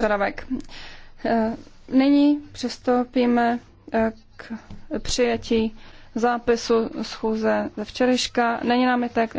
požadavek. Eh, nyní přistoupíme eh, k přijetí zápisu schůze ze včerejška. Není námitek?